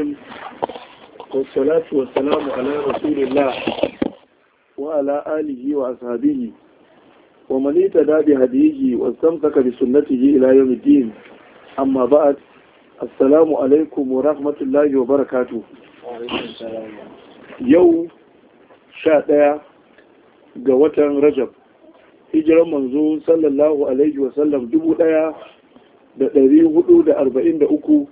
الرحيم والصلاة والسلام على رسول الله وعلى آله وأصحابه ومن اهتدى بهديه واستمسك بسنته إلى يوم الدين أما بعد السلام عليكم ورحمة الله وبركاته يوم شاء ga watan Rajab hijiran manzo sallallahu alaihi wasallam dubu ɗaya da ɗari hudu da arba'in da uku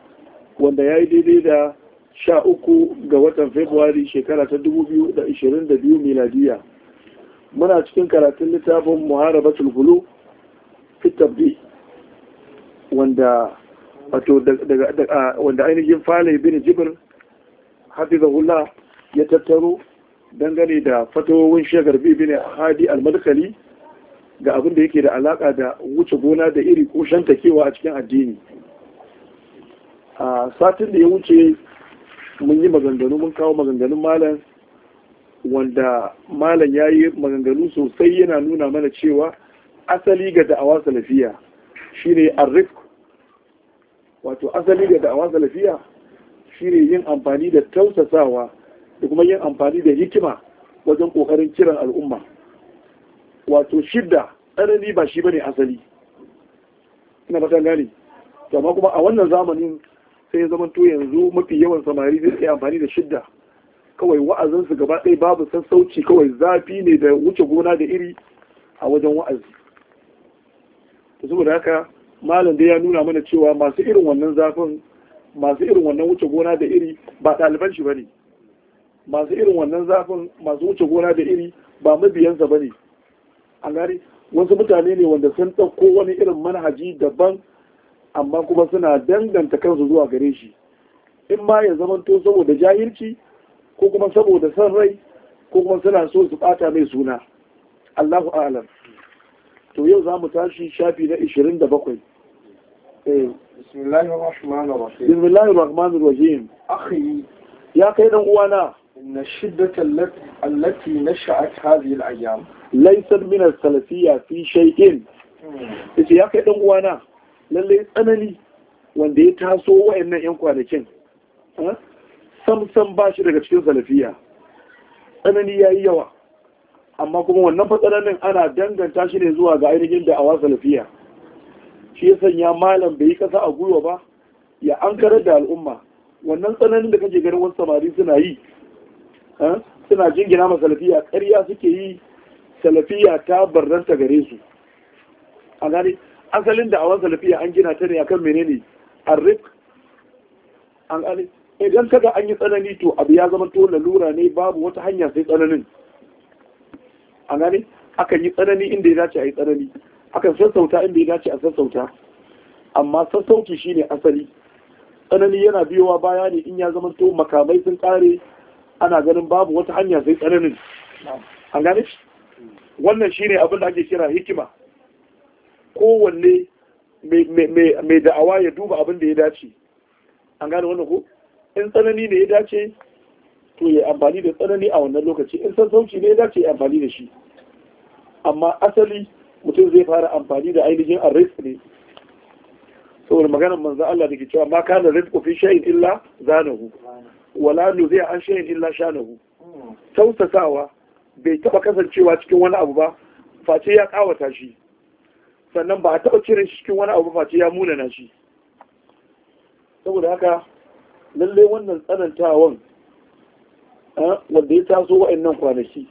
wanda ya yi daidai da sha uku ga watan februari shekara ta dubu biyu da ishirin da biyu miladiya muna cikin karatun littafin muharaba hulu fitabdi wanda wanda ainihin falai bin jibir hula ya tattaro dangane da fatowin shagar bin hadi al malkali ga abin da yake da alaka da wuce gona da iri ko shantakewa a cikin addini a satin da ya wuce mun yi maganganu mun kawo maganganun malam wanda malam ya yi maganganu sosai yana nuna mana cewa asali ga da'awa salafiya shine arrif wato asali ga da'awa salafiya shine yin amfani da tausasawa da kuma yin amfani da hikima wajen kokarin kiran al'umma wato shidda tsanani ba shi bane asali ina ba gane amma kuma a wannan zamanin sai ya zama to yanzu mafi yawan samari zai iya amfani da shidda kawai wa'azinsu gaba ɗaya babu sassauci kawai zafi ne da wuce gona da iri a wajen wa'azi to saboda haka malam dai ya nuna mana cewa masu irin wannan zafin masu irin wannan wuce gona da iri ba ɗaliban shi bane masu irin wannan zafin masu wuce gona da iri ba mabiyansa bane a gari wasu mutane ne wanda sun ɗauko wani irin manhaji daban amma kuma suna danganta kansu zuwa gare shi in ma ya zamanto saboda jahilci ko kuma saboda son rai ko kuma suna so su bata mai suna Allahu a'lam to yau za mu tashi shafi na 27 بسم الله الرحمن الرحيم بسم الله الرحمن الرحيم أخي يا كيد وانا إن الشدة التي التي نشأت هذه الأيام ليست من السلفية في شيء يا كيد وانا lallai tsanani wanda ya taso wa'annan 'yan kwanakin samsam ba shi daga cikin salafiya tsanani ya yi yawa amma kuma wannan fatsananin ana danganta shi ne zuwa ga ainihin da awa salafiya shi ya sanya malam bai yi kasa a gwiwa ba ya an karar da al'umma wannan tsananin da kake ganin wasu samari suna yi suna jingina ma salafiya ƙarya suke yi salafiya ta barranta gare su a gane asalin da awansa lafiya an gina ta ne a kan menene arrik an gane idan kaga an yi tsanani to abu ya zama to lalura ne babu wata hanya sai tsananin an gane akan yi tsanani inda ya dace a yi tsanani akan sassauta inda ya dace a sassauta amma sassauci shine asali tsanani yana biyowa baya ne in ya zama to makamai sun kare ana ganin babu wata hanya sai tsananin an gane wannan shine abin da ake kira hikima kowanne mai da'awa ya duba abin da ya dace an gane wannan ko in tsanani ne ya dace to ya amfani da tsanani a wannan lokaci in sassauci ne ya dace ya amfani da shi amma asali mutum zai fara amfani da ainihin arris ne saboda maganar manzan Allah da ke cewa ma kana rizqu fi shay'in illa zanahu wala nuzi an sha'in illa shanahu hmm. tausasawa bai taba kasancewa cikin wani abu ba face ya kawata shi sannan ba a taɓa kiran shi cikin wani abu face ya munana shi saboda haka lalle wannan tsanantawan wanda ya taso wa'in nan kwanaki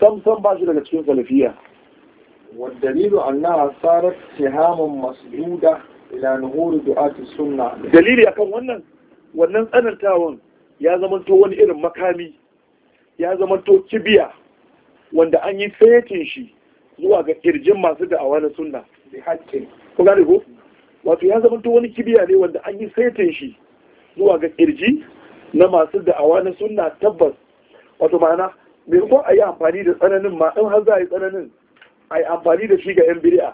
sam sam ba shi daga cikin salafiya والدليل أنها صارت سهام مسدودة إلى نهور دعاة السنة suna. Dalili akan wannan أنا تاون ya zamanto wani irin makami ya zamanto kibiya wanda an yi fetin shi zuwa ga kirjin masu da'awa na sunna ko gane ko wato ya zama wani kibiya ne wanda an yi saitin shi zuwa ga kirji na masu da'awa na sunna tabbas wato ma'ana maimakon a yi amfani da tsananin ma in har za a yi tsananin a yi amfani da shi ga 'yan biri'a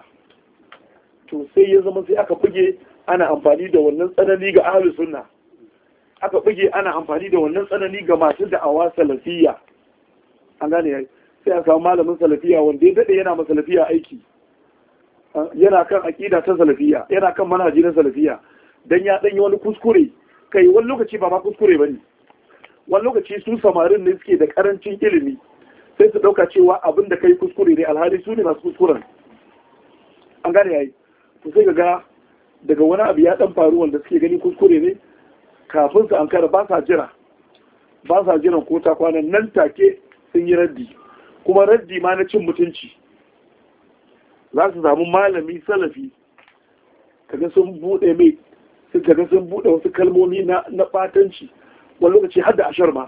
to sai ya zama sai aka buge ana amfani da wannan tsanani ga ahalus sunna aka buge ana amfani da wannan tsanani ga masu da'awa salafiyya an gane yayi sai a samu malamin salafiya wanda ya daɗe yana masalafiya aiki yana kan aƙida ta salafiya yana kan manhaji na salafiya dan ya ɗanyi wani kuskure kai wani lokaci ba ma kuskure ba ne wani lokaci su samarin ne suke da ƙarancin ilimi sai su ɗauka cewa abin da kai kuskure ne alhali su ne masu kuskuren an gane yayi to sai ga daga wani abu ya ɗan faru wanda suke gani kuskure ne kafin su an kara ba sa jira ba sa jiran ko ta kwanan nan take sun yi raddi kuma raddi ma na cin mutunci za su samu malami salafi kaga sun bude mai sun kaga sun bude wasu kalmomi na ɓatanci batanci wani lokaci har da ashar ma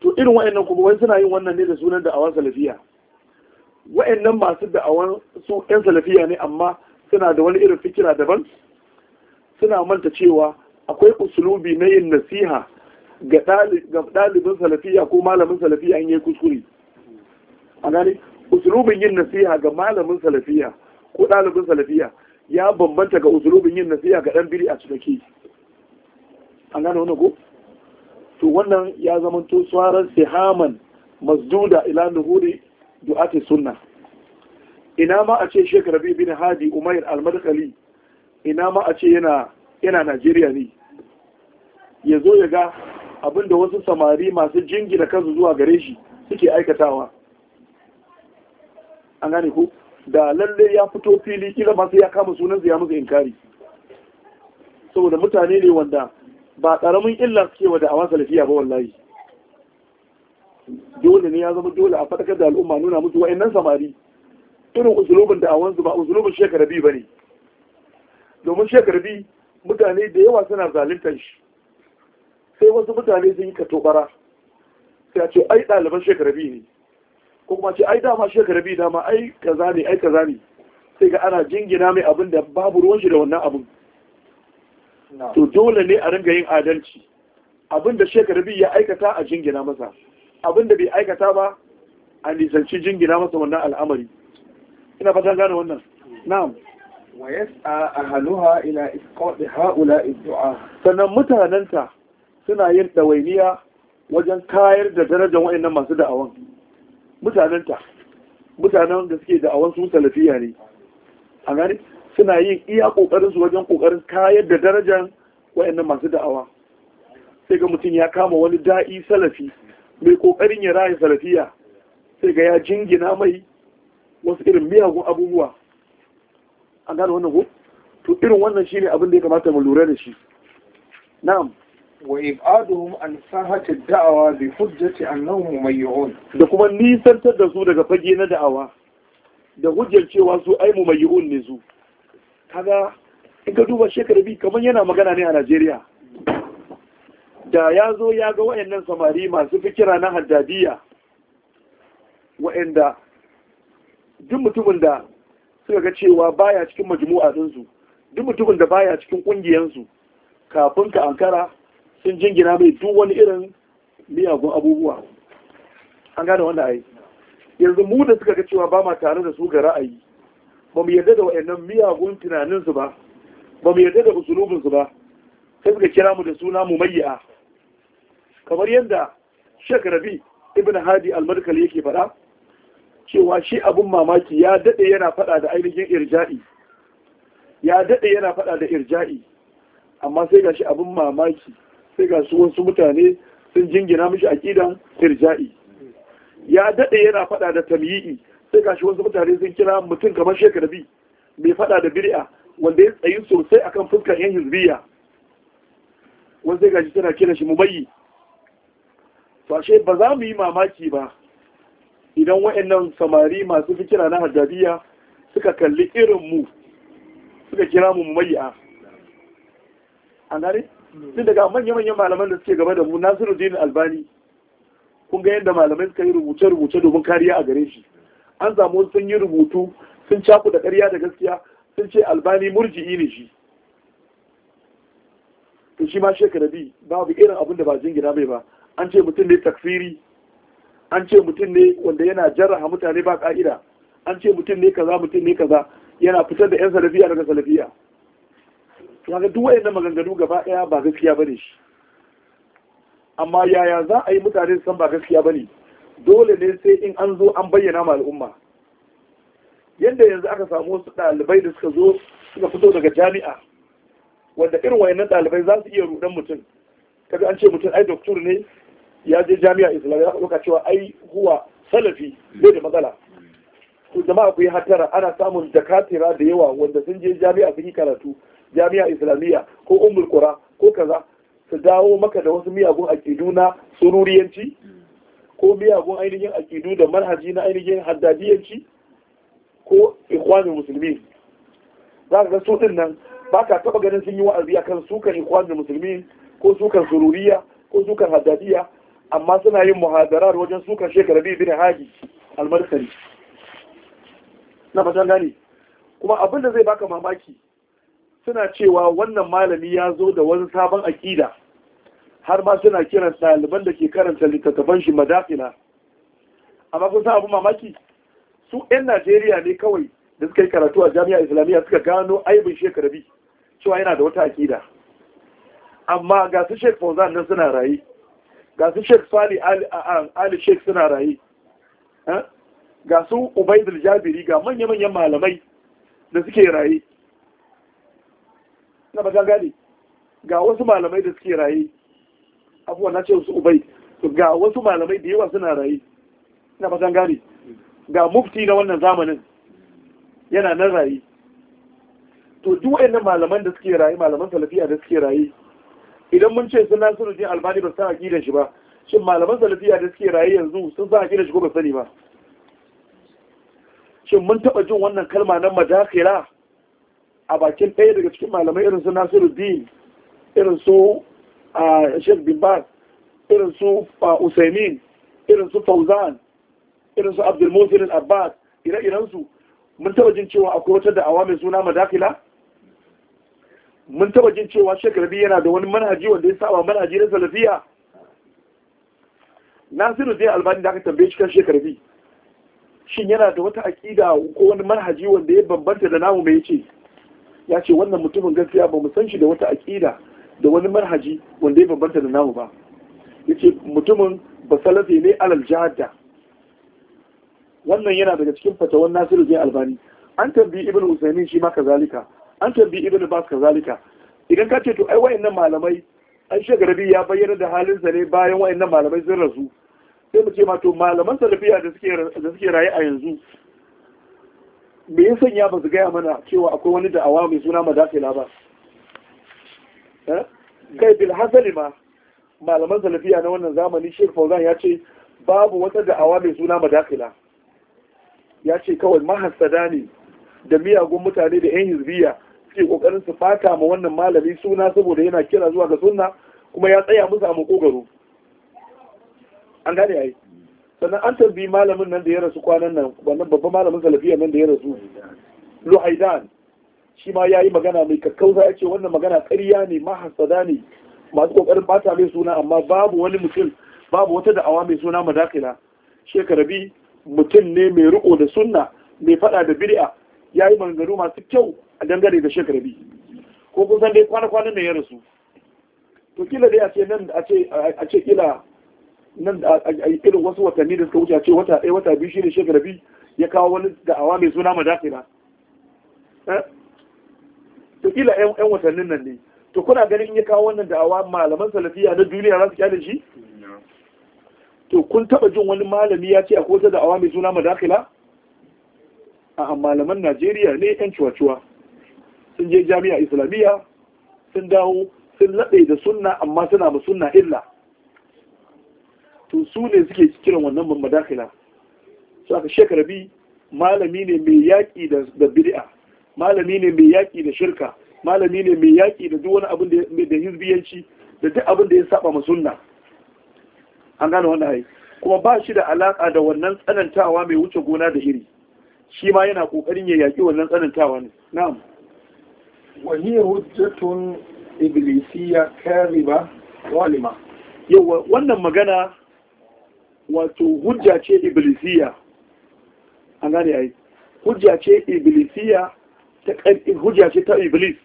to irin wayannan kuma wani suna yin wannan ne da sunan da awan salafiya wayannan masu da awan su yan salafiya ne amma suna da wani irin fikira daban suna manta cewa akwai usulubi na yin nasiha ga ɗalibin salafiya ko malamin salafiya an yi kuskure a gani usulubin yin nasiha ga malamin salafiya ko ɗalibin salafiya ya bambanta ga usulubin yin nasiha ga ɗan biri a cikake an gane wani ko to wannan ya zama to tsarar sihaman masduda ila nuhuri du'ati sunna ina ma a ce shekara rabi bin hadi umair al-madkhali ina ma a ce yana yana najeriya ne ya zo ya ga abinda wasu samari masu jingina kansu zuwa gare shi suke aikatawa an gane ku da lalle ya fito fili kila masu ya kama sunan ya musu inkari saboda mutane ne wanda ba karamin illa suke wa da'awa salafiya ba wallahi dole ne ya zama dole a fadakar da al'umma nuna musu wa'annan samari irin usulubin da'awansu ba usulubin shekara biyu ba ne domin shekara biyu mutane da yawa suna zaluntar shi sai wasu mutane sun yi katobara sai a ce ai ɗaliban biyu ne ko kuma ce ai dama biyu dama ai kaza ne ai kaza ne sai ga ana jingina mai abin da babu ruwan shi da wannan abin to dole ne a ringa yin adalci abin da biyu ya aikata a jingina masa abin da bai aikata ba a nisanci jingina masa wannan al'amari ina fatan gane wannan na'am wa yas'a ahluha ila isqat haula iddu'a. sannan mutanenta. suna yin ɗawainiya wajen kayar da darajar wa'annan masu da'awan mutanenta mutanen da suke da'awan sun salafiya ne a gani suna yin iya ƙoƙarin su wajen ƙoƙarin kayar da darajar wa'annan masu da'awa sai ga mutum ya kama wani da'i salafi mai ƙoƙarin ya raya salafiya sai ga ya jingina mai wasu irin miyagun abubuwa A gani wannan ko to irin wannan shine abin da ya kamata mu lura da shi na'am wa da'awa bi da kuma nisantar da su daga fage na da'awa da hujjar cewa su ai mumayyun ne su kaga in ka duba shekara biyu kamar yana magana ne a Najeriya da ya zo ya ga wayannan samari masu fikira na haddadiya wayanda duk mutumin da suka ga cewa baya cikin majmu'a ɗinsu duk mutumin da baya cikin ƙungiyansu kafin ka ankara sun jingina mai duk wani irin miyagun abubuwa an gane wanda ai yanzu mu da suka ga cewa ba ma tare da su ga ra'ayi ba mu yarda da wa'annan miyagun tunanin su ba ba mu yarda da usulubin su ba sai suka kira mu da suna mu mayya kamar yadda Sheikh Rabi Ibn Hadi al yake faɗa cewa shi abun mamaki ya dade yana faɗa da ainihin irja'i ya daɗe yana faɗa da irja'i amma sai gashi abun mamaki sai ga su wasu mutane sun jingina mishi aqidan irja'i ya dade yana fada da tamyi'i sai ga shi wasu mutane sun kira mutum kamar bi mai fada da bir'a wanda ya tsayi sosai akan fuskar yan hizbiya wanda sai ga shi tana kira shi mubayyi to ashe ba za mu yi mamaki ba idan waɗannan samari masu fikira na haddadiya suka kalli irin mu suka kira mu mumayya an gane tun daga manya-manyan malaman da suke gaba da mu Nasiru din albani kun ga yadda malamai suka yi rubuce-rubuce domin kariya a gare shi an samu sun yi rubutu sun caku da ƙarya da gaskiya sun ce albani murji'i ne shi to shi ma shekara bi babu irin abin da ba jingina mai ba an ce mutum ne takfiri an ce mutum ne wanda yana jarraha mutane ba ka'ida an ce mutum ne kaza mutum ne kaza yana fitar da yan salafiya daga salafiya kaga duk wayannan maganganu gaba daya ba gaskiya bane shi amma yaya za a yi mutane san ba gaskiya bane dole ne sai in an zo an bayyana ma al'umma yadda yanzu aka samu wasu ɗalibai da suka zo suka fito daga jami'a wanda irin wayannan ɗalibai za su iya rudan mutum kaga an ce mutum ai doktor ne ya je jami'a islam ya ɗauka cewa ai huwa salafi bai da matsala to jama'a ku yi hatara ana samun jakatira da yawa wanda sun je jami'a sun yi karatu jami'a islamiyya ko umul qura ko kaza su dawo maka da wasu miyagun akidu na sururiyanci ko miyagun ainihin akidu da manhaji na ainihin haddadiyanci ko ikwamin musulmi za ka ga su din nan ba ka taba ganin sun yi wa'azi akan sukan ikwamin musulmi ko sukan sururiya ko sukan haddadiya amma suna yin muhadarar wajen sukan shekara biyu bin haji almarkari na fatan gani kuma abinda zai baka mamaki suna cewa wannan malami ya zo da wani sabon akida har ma suna kiran ɗaliban da ke karanta littattafan shi madafina amma kun san abu mamaki su 'yan najeriya ne kawai da suka yi karatu a jami'a islamiyya suka gano aibin bi cewa yana da wata akida amma ga su sheik fauzan nan suna raye ga su sheik fali ali sheik suna raye eh? ga su ubaidul jabiri ga manya-manyan malamai da suke raye na ba gane ga wasu malamai da suke raye abuwa na ce su ubai ga wasu malamai da yawa suna raye na ba gane ga mufti na wannan zamanin yana nan raye to duk wayannan malaman da suke raye malaman salafiya da suke raye idan mun ce sun nasiru jin albani ba sa aqidan shi ba shin malaman salafiya da suke raye yanzu sun sa aqidan shi ko ba sani ba shin mun taba jin wannan kalma na madakira a bakin ɗaya daga cikin malamai irin su nasiru din irin su shek bin bas irin su usaimin irin su fauzan irin su abdul musin abbas ire-iren su mun taba jin cewa akwai wata da'awa mai suna madakila mun taba jin cewa shek rabi yana da wani manhaji wanda ya saba manhaji na salafiya nasiru zai albani da aka tambaye shi kan shek rabi shin yana da wata aƙida ko wani manhaji wanda ya bambanta da namu mai ce ya ce wannan mutumin gaskiya ba mu san shi da wata aƙida da wani manhaji wanda ya bambanta da namu ba ya ce mutumin ba salafi ne alal jihadda wannan yana daga cikin fatawan nasiru zai albani an tambayi ibn usaimin shi ma kazalika an tambayi ibn bas kazalika idan ka ce to ai wayannan malamai an shagarabi ya bayyana da halinsa ne bayan wayannan malamai sun rasu sai mu ce ma to malaman salafiya da suke da suke raye a yanzu me ya sanya ba su gaya mana cewa akwai wani da'awa mai suna madafila ba eh? kai bil hasali ma malaman salafiya na wannan zamani shek fauzan ya ce babu wata da'awa mai suna madafila ya ce kawai mahasada ne da miyagun mutane da yan hizbiya suke kokarin su fata ma wannan malami suna saboda yana kira zuwa ga sunna kuma ya tsaya musu a makogaro an gane yi sannan an tarbi malamin nan da ya rasu kwanan nan wannan babban malamin salafiya nan da ya rasu luhaidan shi ma ya yi magana mai kakkausa ya ce wannan magana karya ne mahasada ne masu ƙoƙarin bata mai suna amma babu wani mutum babu wata da'awa mai suna madakila shekarabi mutum ne mai riko da sunna mai faɗa da bid'a ya yi maganganu masu kyau a dangane da shekarabi ko kun san dai kwana-kwanan ne ya rasu to kila dai a ce nan a ce kila nan da a yi irin wasu watanni da suka wuce ce wata ɗaya wata biyu shi ne shekara biyu ya kawo wani da'awa mai suna madafira eh? ta kila yan watannin nan ne to kuna ganin ya kawo wannan da'awa malaman salafiya na duniya za su kyale shi to kun taba jin wani malami ya ce a wata da'awa mai suna madakila a malaman najeriya ne yan cuwa-cuwa sun je jami'a islamiyya sun dawo sun laɗe da sunna amma suna ma sunna illa to su ne suke kiran wannan mamadakila su aka shekara bi malami ne mai yaƙi da bid'a malami ne mai yaƙi da shirka malami ne mai yaƙi da duk wani abin da hizbiyanci da duk abin da ya saba ma sunna an gane wannan hai kuma ba shi da alaƙa da wannan tsanantawa mai wuce gona da iri shi ma yana ƙoƙarin ya yaƙi wannan tsanantawa ne na'am wa hiya hujjatun iblisiyya kariba Walima. yawa wannan magana wato hujja ce iblisiya an gane ai hujja ce iblisiya ta hujja ce ta iblis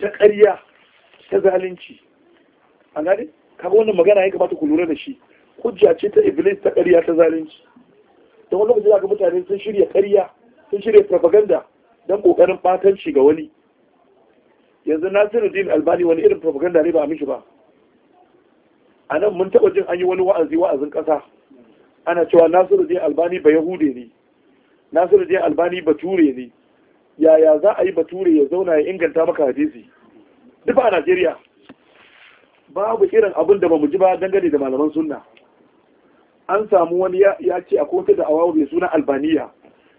ta ƙarya ta zalunci an gane kaga wannan magana ya kamata ku lura da shi hujja ce ta iblis ta ƙarya ta zalunci da wani lokaci ga mutane sun shirya ƙarya sun shirya propaganda don ƙoƙarin ɓatanci ga wani yanzu nasiruddin albani wani irin propaganda ne ba a mishi ba a nan mun taɓa jin an yi wani wa'azi wa'azin ƙasa ana cewa nasiru dai albani ba yahude ne nasiru dai albani ba ture ne yaya za a yi bature ya zauna ya inganta maka hadisi duk a najeriya babu irin abin da ba mu ji ba dangane da malaman sunna an samu wani ya ce a kotu da awa mai suna albaniya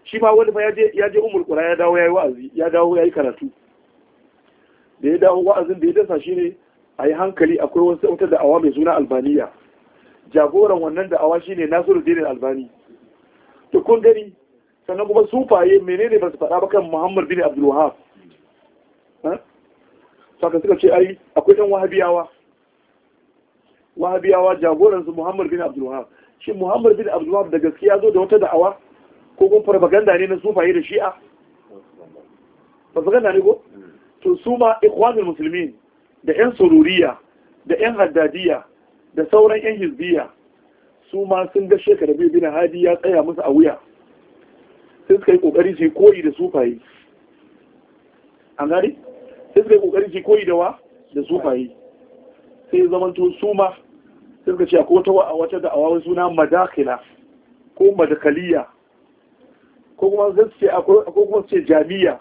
shi ma wani ya je umar ƙura ya dawo ya yi wa'azi ya dawo ya yi karatu da ya dawo wa'azin da ya dasa shi ne a yi hankali akwai wasu wata da'awa mai suna albaniya jagoran wannan da'awa shine nasiru dinin albani to kun gani sannan kuma sufaye menene ba su faɗa ba kan muhammad bin abdul wahab saka suka ce ai akwai ɗan wahabiyawa wahabiyawa jagoran su muhammad bin abdul wahab shi muhammad bin abdul wahab da gaskiya zo da wata da'awa ko kuma farfaganda ne na sufaye da shi'a farfaganda ne ko hmm. to su ma ikhwanul muslimin da 'yan sururiya da 'yan haddadiya da sauran 'yan hizbiya su ma sun ga shekara biyu bin hadi ya tsaya musu a wuya sai suka yi kokari su koyi da sufaye an gari sai suka yi kokari su koyi da wa da sufaye sai to su ma sai suka ce akwai wata wata da awawar suna madakila ko madakaliya ko kuma su ce akwai kuma ce jami'a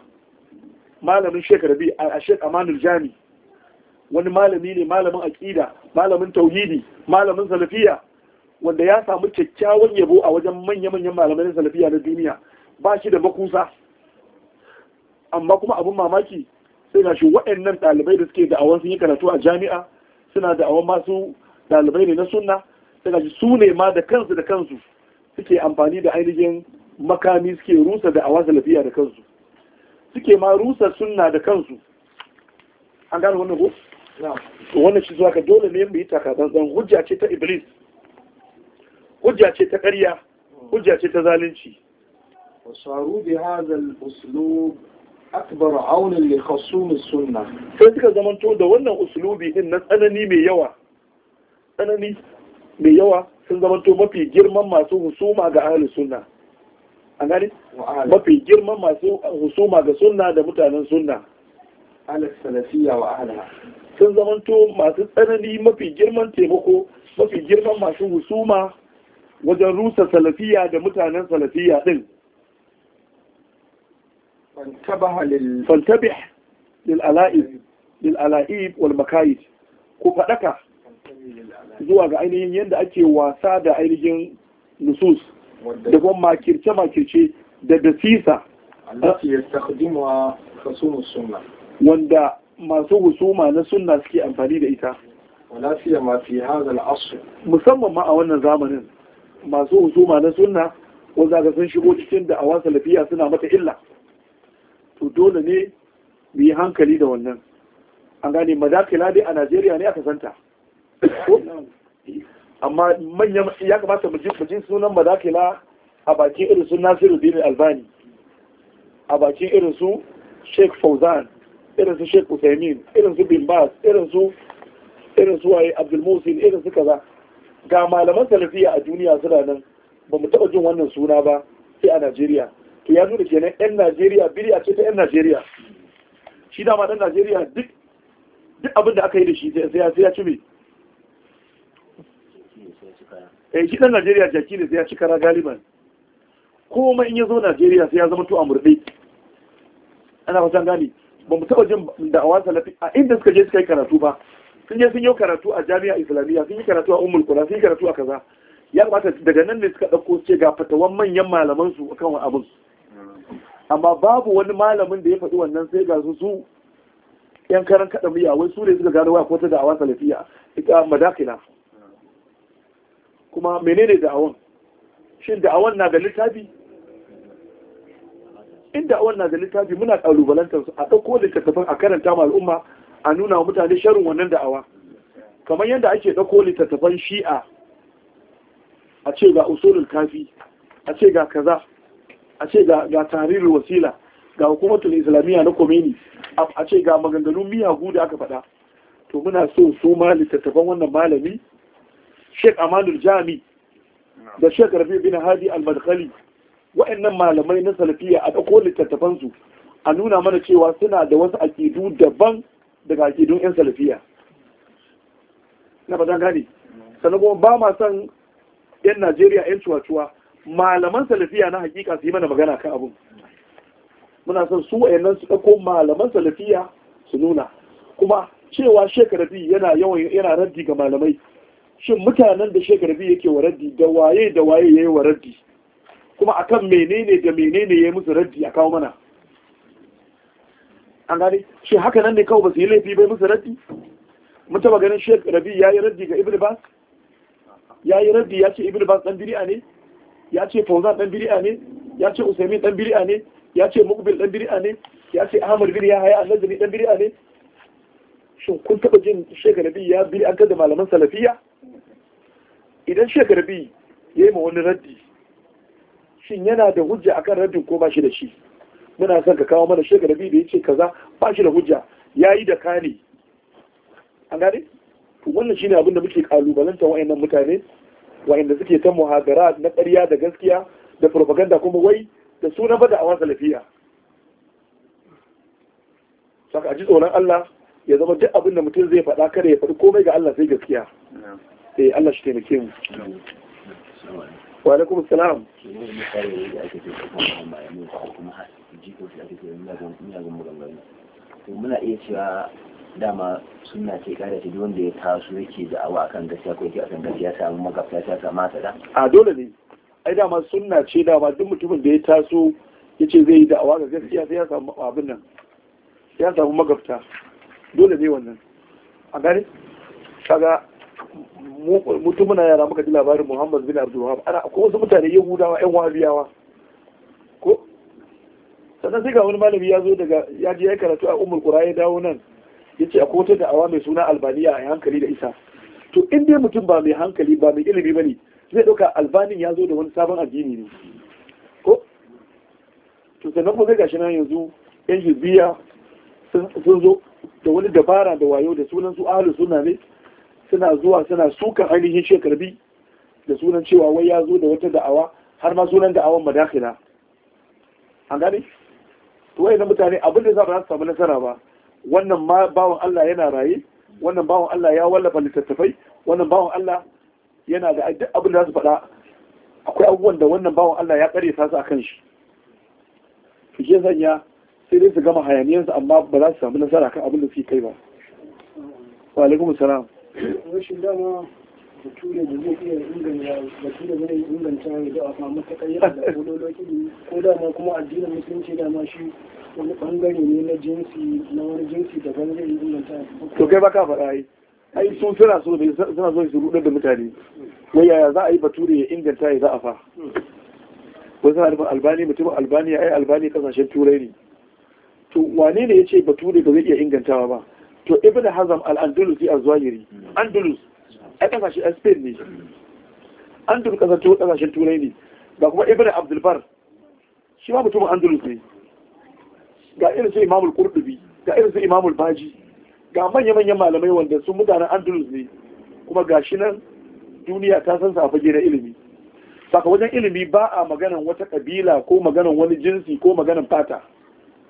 malamin shekara biyu a shek amanul jami'a wani malami ne malamin aƙida malamin tauhidi malamin salafiya wanda ya samu kyakkyawan yabo a wajen manya-manyan malaman salafiya na duniya ba shi da makusa amma kuma abin mamaki sai ga shi waɗannan ɗalibai da suke da'awar sun yi karatu a jami'a suna da'awar masu ɗalibai ne na sunna sai ga shi su ne ma da kansu da kansu suke amfani da ainihin makami suke rusa da'awa salafiya da kansu suke ma rusa sunna da kansu an gane wannan ko wannan shi zuwa ka dole ne mu yi takatsantsan hujja ce ta iblis hujja ce ta ƙarya hujja ce ta zalunci wasaru bi hadha al-uslub akbar auna li khasum as-sunnah sai suka zamanto da wannan uslubi din na tsanani mai yawa tsanani mai yawa sun zamanto mafi girman masu husuma ga ahli sunna an gani mafi girman masu husuma ga sunna da mutanen sunna ala salafiyya wa ahliha sun zamanto masu tsanani mafi girman taimako mafi girman masu husuma wajen rusa salafiya da mutanen salafiya din fantabih lil'ala'ib wal makayid ku faɗaka zuwa ga ainihin yadda ake wasa da ainihin nusus da kuma makirce-makirce da dasisa wanda masu husuma na sunna suke amfani da ita ma fi asr musamman ma a wannan zamanin masu husuma na sunna ko zaka sun shigo cikin da awan salafiya suna mata illa to dole ne mu yi hankali da wannan an gane madakila dai a Najeriya ne aka santa amma manyan ya kamata mu ji sunan madakila a bakin irin su Nasiru Dini Albani a bakin irin su Sheikh Fauzan irin su Sheikh Uthaymeen irin su Bin Baz irin su irin su waye Abdul Musin irin su kaza ga malaman salafiya a duniya suna nan ba mu taɓa jin wannan suna ba sai a Najeriya to ya nuna kenan yan Najeriya biriya ce ta yan Najeriya shi dama dan Najeriya duk duk abin da aka yi da shi sai ya sai ya ci me eh shi dan Najeriya jaki ne sai ya ci kara galiban komai in ya zo Najeriya sai ya zama to a murɗe ana fatan gani ba mu taba jin da'awa salafi a inda suka je suka yi karatu ba sun je sun yi karatu a jami'a islamiyya sun yi karatu a ummul kula sun yi karatu a kaza ya kamata daga nan ne suka ɗauko ce ga fatawan manyan malaman su akan wani abin amma babu wani malamin da ya faɗi wannan sai ga su su yan karan kaɗa miya wai su ne suka gano wa kota da'awa salafiya ita madakila kuma menene da'awan shin da'awan na da littafi inda awon na da littafi muna kalubalantar su a ɗauko littattafan a karanta ma al'umma a nuna wa mutane sharin wannan da'awa kamar yadda ake ɗauko littattafan shi'a a ce ga usulul kafi a ce ga kaza a ce ga tarihin wasila ga hukumatul islamiyya na komeni a ce ga maganganun miyagu da aka faɗa to muna so su ma littattafan wannan malami sheik amanul jami da sheik rabi bin hadi al-madkhali wa'annan malamai na salafiya a ɗauko littattafansu a nuna mana cewa suna da wasu aƙidu daban daga aƙidun 'yan salafiya na fatan gane sannan kuma ba ma son 'yan najeriya 'yan cuwa-cuwa malaman salafiya na hakika su yi mana magana kan abin muna son su wa'annan su ɗauko malaman salafiya su nuna kuma cewa shekarabi yana yawan yana raddi ga malamai shin mutanen da shekarabi yake wa raddi da waye da waye yayi wa raddi kuma akan menene da menene ya yi musu raddi a kawo mana an gane shi haka nan ne kawai ba su yi laifi bai musu raddi mun taba ganin shek rabi ya yi raddi ga ibn bas ya yi raddi ya ce ibn bas dan a ne ya ce fauzan dan a ne ya ce usaimin dan a ne ya ce mukbil dan a ne ya ce ahmad bin ya haya annazari dan a ne shin kun taba jin shek rabi ya biri an kada malaman salafiya idan shek rabi ya yi ma wani raddi shin yana da hujja akan rabin ko ba shi da shi muna son ka kawo mana shekara biyu da ya ce kaza bashi da hujja ya yi da kani an gane to wannan shine abin da muke kalubalanta wa'annan mutane wa'anda suke ta muhagara na ƙarya da gaskiya da propaganda kuma wai da suna ba da awa salafiya saka a ji tsoron Allah ya zama duk abinda mutum zai faɗa kada ya faɗi komai ga Allah sai gaskiya eh Allah shi taimake mu wa alaikum salam muna iya cewa dama suna ce kare ta wanda ya taso yake da awa akan gaskiya ko yake akan gaskiya samu magabta ta samu da a dole ne ai dama suna ce dama duk mutumin da ya taso yace zai yi da'awa ga gaskiya sai ya samu abin nan ya samu magabta dole ne wannan a gani kaga mutum yara muka ji labarin muhammad bin abdul wahab ana ko wasu mutane yahudawa yan wahabiyawa ko sannan sai ga wani malami ya zo daga ya je ya karatu a umul qura ya dawo nan yace akwai wata da'awa mai suna albaniya a hankali da isa to in dai mutum ba mai hankali ba mai ilimi bane zai dauka albanin ya zo da wani sabon addini ne ko to sannan kuma gashi nan yanzu yan jibiya sun zo da wani dabara da wayo da sunan su ahlus sunna ne suna zuwa suna sukan ainihin shekarbi da sunan cewa wai ya zo da wata da'awa har ma sunan da'awan madakila an gane to wayannan mutane abin da za ba za su samu nasara ba wannan ma bawan Allah yana raye wannan bawan Allah ya wallafa littattafai wannan bawan Allah yana da duk abin da za su faɗa akwai abubuwan da wannan bawan Allah ya kare sa a akan shi su ke sanya sai dai su gama hayaniyansu amma ba za su samu nasara kan abin da suke kai ba wa alaikum salam rashin dama bature da zai iya inganta bature zai inganta ya da amma matakar yana da kodolokin ko dama kuma addinin musulunci dama shi wani bangare ne na jinsi na wani jinsi daban zai inganta to kai baka faɗa yi ai sun suna so ne suna so su rudar da mutane wai yaya za a yi bature ya inganta ya za'afa wasu albani albani mutumin albani ya yi albani kasashen turai ne to wane ne ya ce bature ba zai iya ingantawa ba to ibn hazam al-andalusi az-zahiri andalus a kasashe spain ne andalus kasar to kasashen turai ne ga kuma ibn abdul bar shi ma mutumin andalus ne ga irin su imamul qurtubi ga irin su imamul baji ga manya-manyan malamai wanda sun mutanen andalus ne kuma ga shi nan duniya ta san sa fage na ilimi saka wajen ilimi ba a maganan wata kabila ko maganan wani jinsi ko maganan fata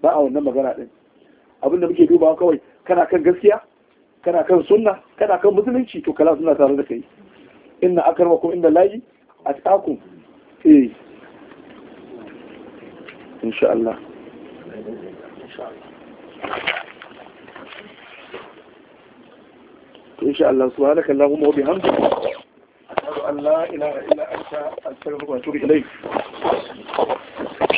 ba a wannan magana din abin da muke dubawa kawai kana kan gaskiya kana kan sunna kana kan musulunci to kala suna tare da kai inna akramakum inda layi a tsakun eh insha Allah إن شاء الله سبحانك اللهم وبحمدك أشهد أن لا إله إلا أنت أستغفرك وأتوب إليك